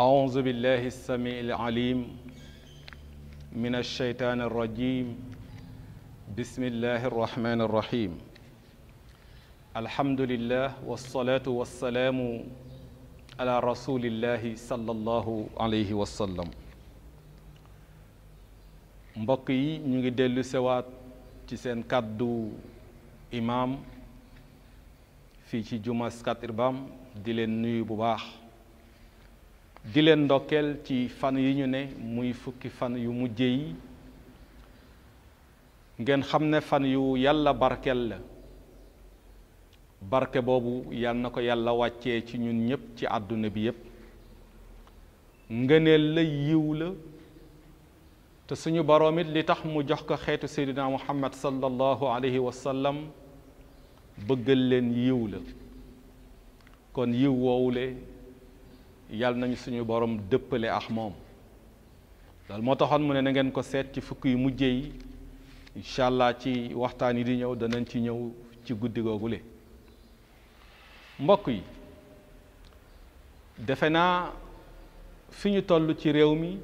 أعوذ بالله السميع العليم من الشيطان الرجيم بسم الله الرحمن الرحيم الحمد لله والصلاة والسلام على رسول الله صلى الله عليه وسلم mbokk yi ñu ngi ci seen kàddu imaam fii ci juma Scat Urbam di leen nuyu bu baax di leen ndokkeel ci fan yi ñu ne muy fukki fan yu mujj yi ngeen xam ne fan yu yàlla barkeel la barke boobu yal na ko yàlla wàccee ci ñun ñépp ci àdduna bi yépp ngëneel la yiw la te suñu boroom it li tax mu jox ko xeetu seydina muhammad sallallahu alayhi wa sallam bëggal leen yiw la kon yiw woowule yàlla nañu suñu borom dëppale ak moom daal moo taxoon mu ne na ngeen ko seet ci fukk yu mujje yi incha allah ci waxtaan yi di ñëw danañ ci ñëw ci guddi googule mbokk yi defe naa fi ñu toll ci réew mi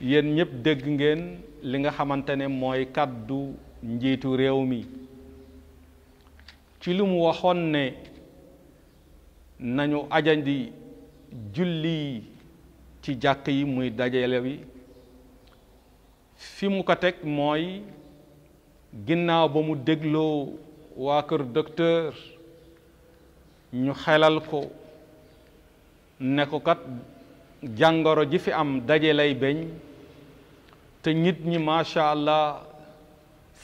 yéen ñëpp dégg ngeen li nga xamante ne mooy kàddu njiitu réew mi ci li mu waxoon ne nañu ajandi julli ci jàkk yi muy dajale wi fi mu ko teg mooy ginnaaw ba mu dégloo waa kër docteur ñu xelal ko ne ko kat jàngoro ji fi am daje beñ te nit ñi macha allah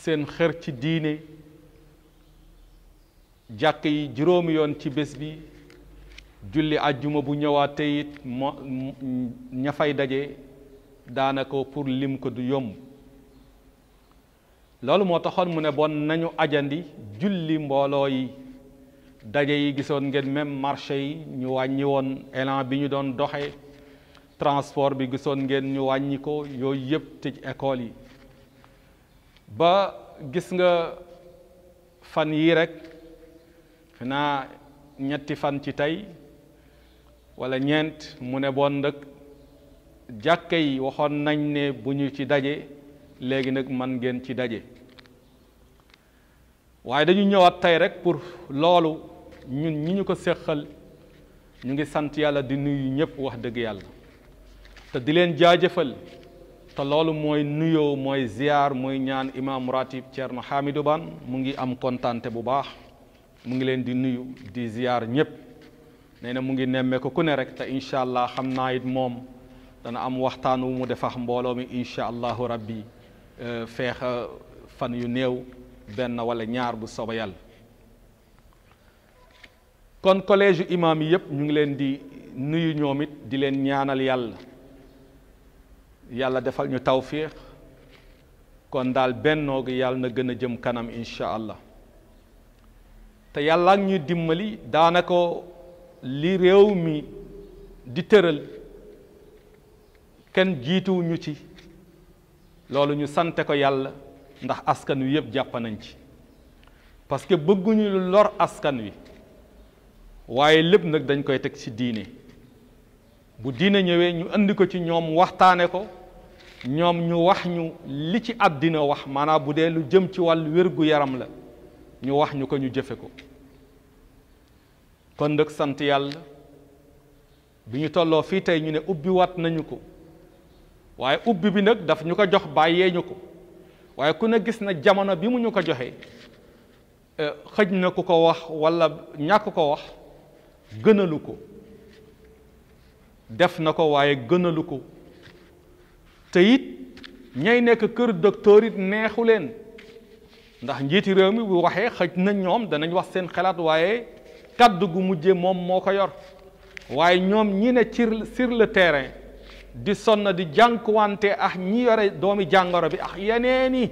seen xër ci diine jàkk yi juróomi yoon ci bés bi julli àjjuma bu ñëwaatee it mo ña fay daje daanaka pour lim ko du yomb loolu moo taxoon mu ne bon nañu ajandi julli mbooloo yi daje yi gisoon ngeen même marché yi ñu wàññiwoon woon bi ñu doon doxee transport bi gisoon ngeen ñu wàññi ko yooyu yëpp tëj école yi ba gis nga fan yii rek xanaa ñetti fan ci tey wala ñeent mu ne bon nag jàkka yi waxoon nañ ne bu ñu ci daje léegi nag man ngeen ci daje waaye dañu ñëwaat tey rek pour loolu ñun ñi ñu ko séqal ñu ngi sant yàlla di nuyu ñëpp wax dëgg yàlla te di leen jaajëfal te loolu mooy nuyoo mooy ziyaar mooy ñaan imaam ratib Thierno Hamidou Bane mu ngi am kontante bu baax mu ngi leen di nuyu di ñëpp nee na mu ngi nemme ko ne rek te incha allah xam naa it moom dana am waxtaan wu mu defax mbooloo mi incha allahu rabbi e, feex e, fan yu néew benn wala ñaar bu kon collège yu imaam yëpp ñu ngi leen di nuyu ñoom it di leen ñaanal yàlla yàlla defal ñu tawfiix kon daal bennoo gi yàlla na gën a jëm kanam incha allah te yàlla ak ñu dimbali daanaka li réew mi di tëral kenn jiituwu ci loolu ñu sante ko yàlla ndax askan wi yëpp jàpp nañ ci parce que bëgguñu lu lor askan wi waaye lépp nag dañ koy teg ci diine bu diina ñëwee ñu indi ko ci ñoom waxtaane ko ñoom ñu wax ñu li ci àddina wax maanaam bu dee lu jëm ci wàll wér-gu-yaram la ñu wax ñu ko ñu jëfe ko kon nag sant yàlla bi ñu tolloo fii tey ñu ne ubbi wat nañu ko waaye ubbi bi nag daf ñu ko jox bàyyee ñu ko waaye ku ne gis na jamono bi mu ñu ko joxee eh, xëj na ku ko wax walla ñàkk ko wax gënalu ko def na ko waaye gënalu ko te it ñay nekk kër docteur it neexu leen ndax njiiti réew mi bu waxee xëj na ñoom danañ wax seen xalaat waaye kaddu gu mujje moom moo ko yor waaye ñoom ñi ne ci sur le terrain di sonn di jànkuwante ak ñi yore doomi jàngoro bi ak yeneeni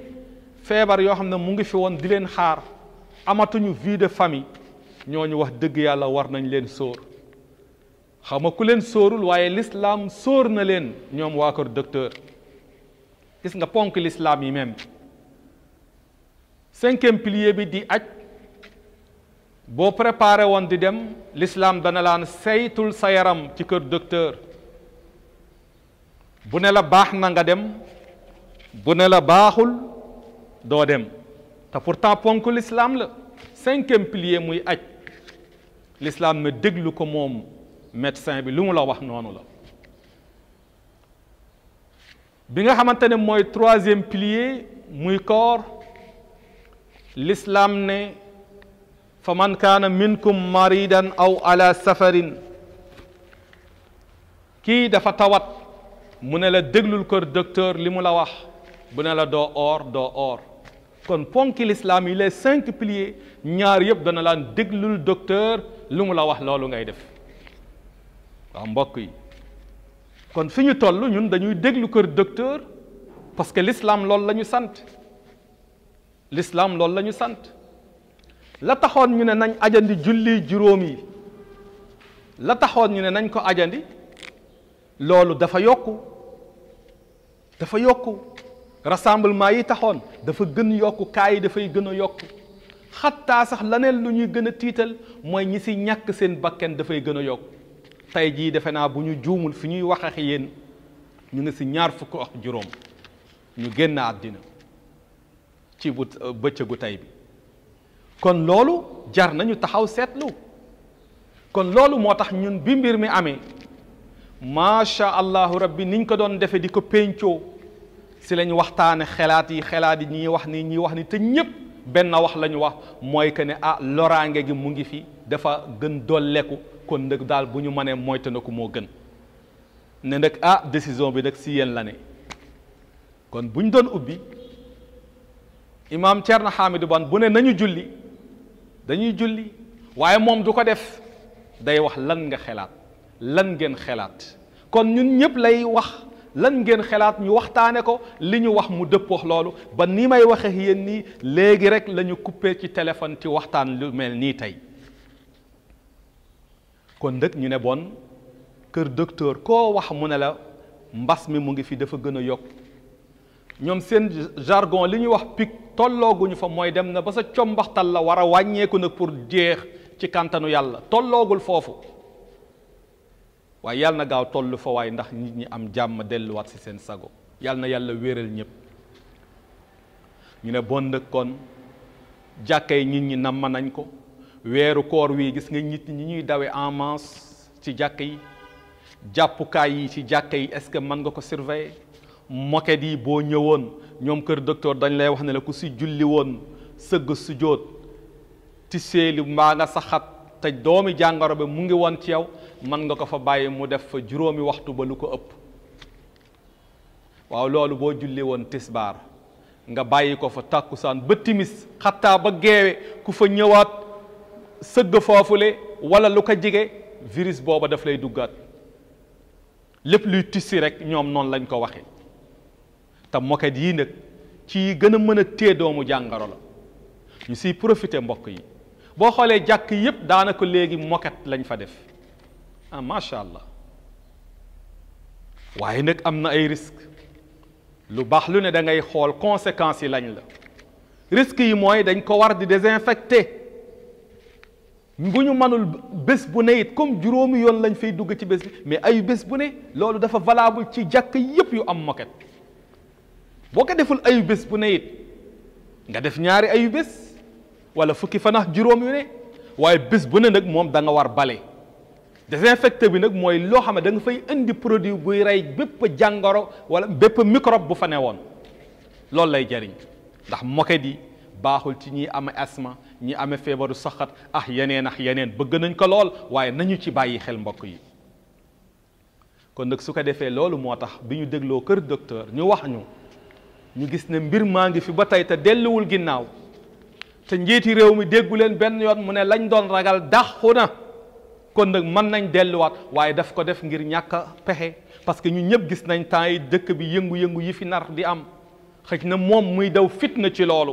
feebar yoo xam ne mu ngi fi woon di leen xaar amatuñu vie de famille ñu wax dëgg yàlla war nañ leen soor xaw ma ku leen sóorul waaye lislaam sóor na len ñom wa ko docteur gis nga ponk l'islam yi même cinquième pilier bi di acc bo préparer won di dem l'islam dana lan saytul sayaram ci keur docteur bu ne la bax na nga dem bu ne la baxul do dem ta pourtant ponk l'islam la cinquième pilier muy acc l'islam me déglu ko mom médecin bi lu mu la wax noonu la bi nga xamante ne mooy troisième pilier muy koor l'islam ne fa man kaana minkum maridan aw ala safarin kii dafa tawat mu ne la déglul kër docteur li mu la wax bu ne la doo oor doo oor kon ponki l'islam il est cinq piliers ñaar yëpp dana laan déglul docteur lu mu la wax loolu ngay def waaw mbokk yi kon fi ñu toll ñun dañuy déglu kër docteur parce que l'islam loolu la sant lislaam loolu lañu sant la taxoon ñu ne nañ ajandi julli juróom yi la taxoon ñu ne nañ ko ajandi loolu dafa yokk dafa yokk rassemblement yi taxoon dafa gën yokku kaay yi dafay gën a yokku xattaa sax leneen lu ñuy gën a tiital mooy ñi si ñàkk seen bakken dafay gën a yokku tey jii defe naa bu ñu juumul fi ñuy wax ak yéen ñu ngi si ñaar fukk ak juróom ñu génn àddina ci bu euh, bëccëgu tey bi kon loolu jar nañu taxaw seetlu kon loolu moo tax ñun bi mbir mi amee macha allahu rabbi niñ ko doon defe di ko péncoo si lañ waxtaane xelaat yi xelaat yi ñii wax ni ñii wax ni te ñépp benn wax la wax mooy que ne ah loraange gi mu ngi fi dafa gën dolleku kon nag daal bu ñu manee mënee moytandiku moo gën ne nag ah décision bi nag si yéen la ne kon bu ñu doon ubbi imaam Thierno Hamidou Bane bu ne nañu julli dañuy julli waaye moom du ko def day wax lan nga xelaat lan ngeen xelaat kon ñun ñëpp lay wax lan ngeen xelaat ñu waxtaane ko li ñu wax mu dëppoo loolu ba ni may waxee yéen nii léegi rek lañu ñu ci téléphone ci waxtaan lu mel nii tey kon dëkk ñu ne bon kër docteur koo wax mu ne la mbas mi mu ngi fi dafa gën a yokk ñoom seen jargon li ñuy wax pic tollooguñu fa mooy dem na ba sa combaxtal la war a wàññeeku nag pour jeex ci kàntanu yàlla tolloogul foofu waaye yàlla na gaaw tollu fa waaye ndax nit ñi am jàmm delluwaat si seen sago yàlla na yàlla wéral ñépp ñu ne bon nag kon jàkkay nit ñi namm nañ ko weeru koor wi gis nga nit ñi ñuy dawe en masse ci jàkk yi jàppukaay yi ci jàkk yi est-ce que mën nga ko surveiller moket yi boo ñëwoon ñoom kër docteur dañ lay wax ne la ku si julli woon sëgg su jóot ti seeli mbaa nga saxat te doomi jàngoro bi mu ngi woon ci yow mën nga ko fa bàyyi mu def fa juróomi waxtu ba lu ko ëpp waaw loolu boo julli woon tisbaar nga bàyyi ko fa tàkkusaan ba timis xattaa ba geewe ku fa ñëwaat sëgg foofule wala lu ko jige virus booba daf lay duggaat lépp luy tissi rek ñoom noonu lañ ko waxee te moket yii nag ci gën a mën a téye doomu jàngaro la ñu si profité mbokk yi boo xoolee jàkk yépp daanaka léegi mokket lañ fa def ah macha allah waaye nag am na ay risque lu baax lu ne da ngay xool conséquences yi lañ la risque yi mooy dañ ko war di désinfecté ngu ñu manul bés bu ne it comme juróomi yoon lañ fay dugg ci bés bi mais ayu bés bu ne loolu dafa valable ci jàkk yépp yu am moquette boo ko deful ayu bés bu ne it nga def ñaari ayu bés wala fukki fanax juróom yu ne waaye bés bu ne nag moom danga nga war bale désinfecté bi nag mooy loo xam ne danga fay indi produit buy rey bépp jàngoro wala bépp microbe bu fa ne woon loolu lay jariñ ndax moquette yi baaxul ci ñi am asthme ñi amee feebaru saxat ah yeneen ah yeneen bëgg nañ ko lool waaye nañu ci bàyyi xel mbokk yi kon nag su ko defee loolu moo tax bi ñu dégloo kër docteur ñu wax ñu ñu gis ne mbir maa ngi fi ba tey te delluwul ginnaaw te njiiti réew mi déggu leen benn yoon mu ne lañ doon ragal dàqu na kon nag mën nañ delluwaat waaye daf ko def ngir ñàkk pexe parce que ñu ñëpp gis nañ temps yi dëkk bi yëngu-yëngu yi fi nar di am xëj na moom muy daw fitna ci loolu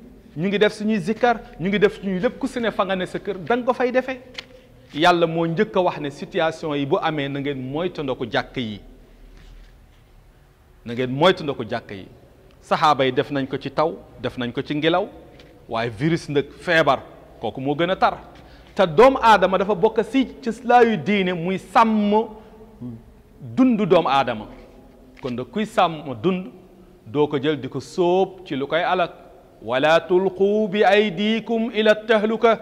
ñu ngi def suñuy zikkar ñu ngi def suñuy lépp ku si fanga ne sa kër da ko fay defee yàlla moo njëkk a wax ne situation yi bu amee na ngeen moytandiku jàkk yi na ngeen moytandiku jàkk yi saxaaba yi def nañ ko ci taw def nañ ko ci ngelaw waaye virus nag feebar kooku moo gën a tar te doomu aadama dafa bokk si cëslaayu diine muy sàmm dund doomu aadama kon da kuy sàmm dund doo ko jël di ko sóob ci lu koy alak ولا تلقوا بايديكم الى التهلكه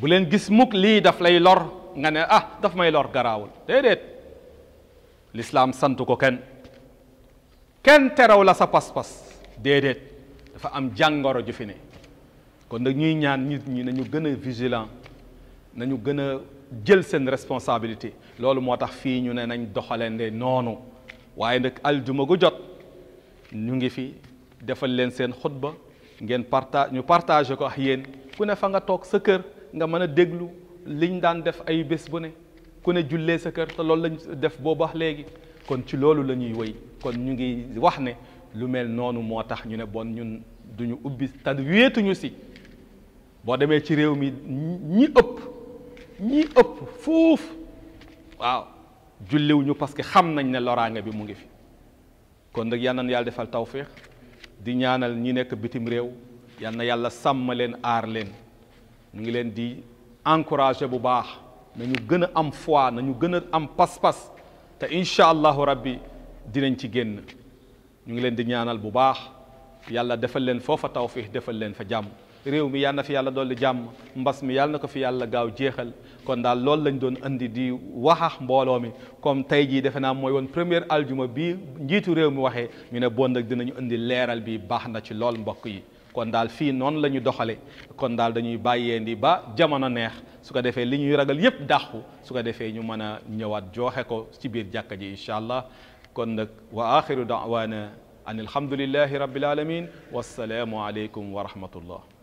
بولين غيس موك لي داف لاي لور غان اه داف ماي لور غراول ديديت الاسلام سانتوكو كان كان تراو لا سا باس باس ديديت دا فا ام جانغورو جي فيني كون دا ني نيان نيت ني نانيو غنا فيجيلان نانيو غنا جيل سين ريسبونسابيلتي لولو موتاخ في ني ناني دوخالين دي نونو واي نك الجوما جو جوت نيغي في defal len sen khutba ngeen parta ñu partagé ko ak yéen ku ne fa nga toog sa kër nga mën a déglu liñ daan def ay bés bu ne ku ne jullee sa kër te loolu lañ def boo léegi kon ci loolu la ñuy wëy kon ñu ngi wax ne lu mel noonu moo tax ñu ne bon ñun duñu ubbi te wéetuñu si boo demee ci réew mi ñi ëpp ñii ëpp fuuf waaw julliwuñu parce que xam nañ ne loraange bi mu ngi fi kon nag yaa na yàlla defal tawfiq di ñaanal ñi nekk bitim réew yal na yàlla sàmm leen aar leen ñu ngi leen di encouragé bu baax na ñu gën a am foi na ñu gën a am pas-pas te incha allahu rabbi dinañ ci génn ñu ngi leen di ñaanal bu baax yàlla defal leen foofa tawfiix defal leen fa jàmm réew mi yalla fi yàlla dolli jam mbass mi yalla nako fi yàlla gaaw jeexal kon dal loolu lañ doon andi di waxax mbolo mi comme tay ji defe naa mooy woon première aljuma bi njitu réew mi waxé ñu ne bon nag dinañu andi léral bi baax na ci lool mbokk yi kon dal fi non lañu doxale kon dal dañuy bayé ndi ba jamono neex su ko defee li ñuy ragal yépp daxu su ko defee ñu mëna ñëwaat joxé ko ci biir jàkka ji inshallah kon nak wa akhiru da'wana ان الحمد لله رب العالمين والسلام عليكم ورحمه الله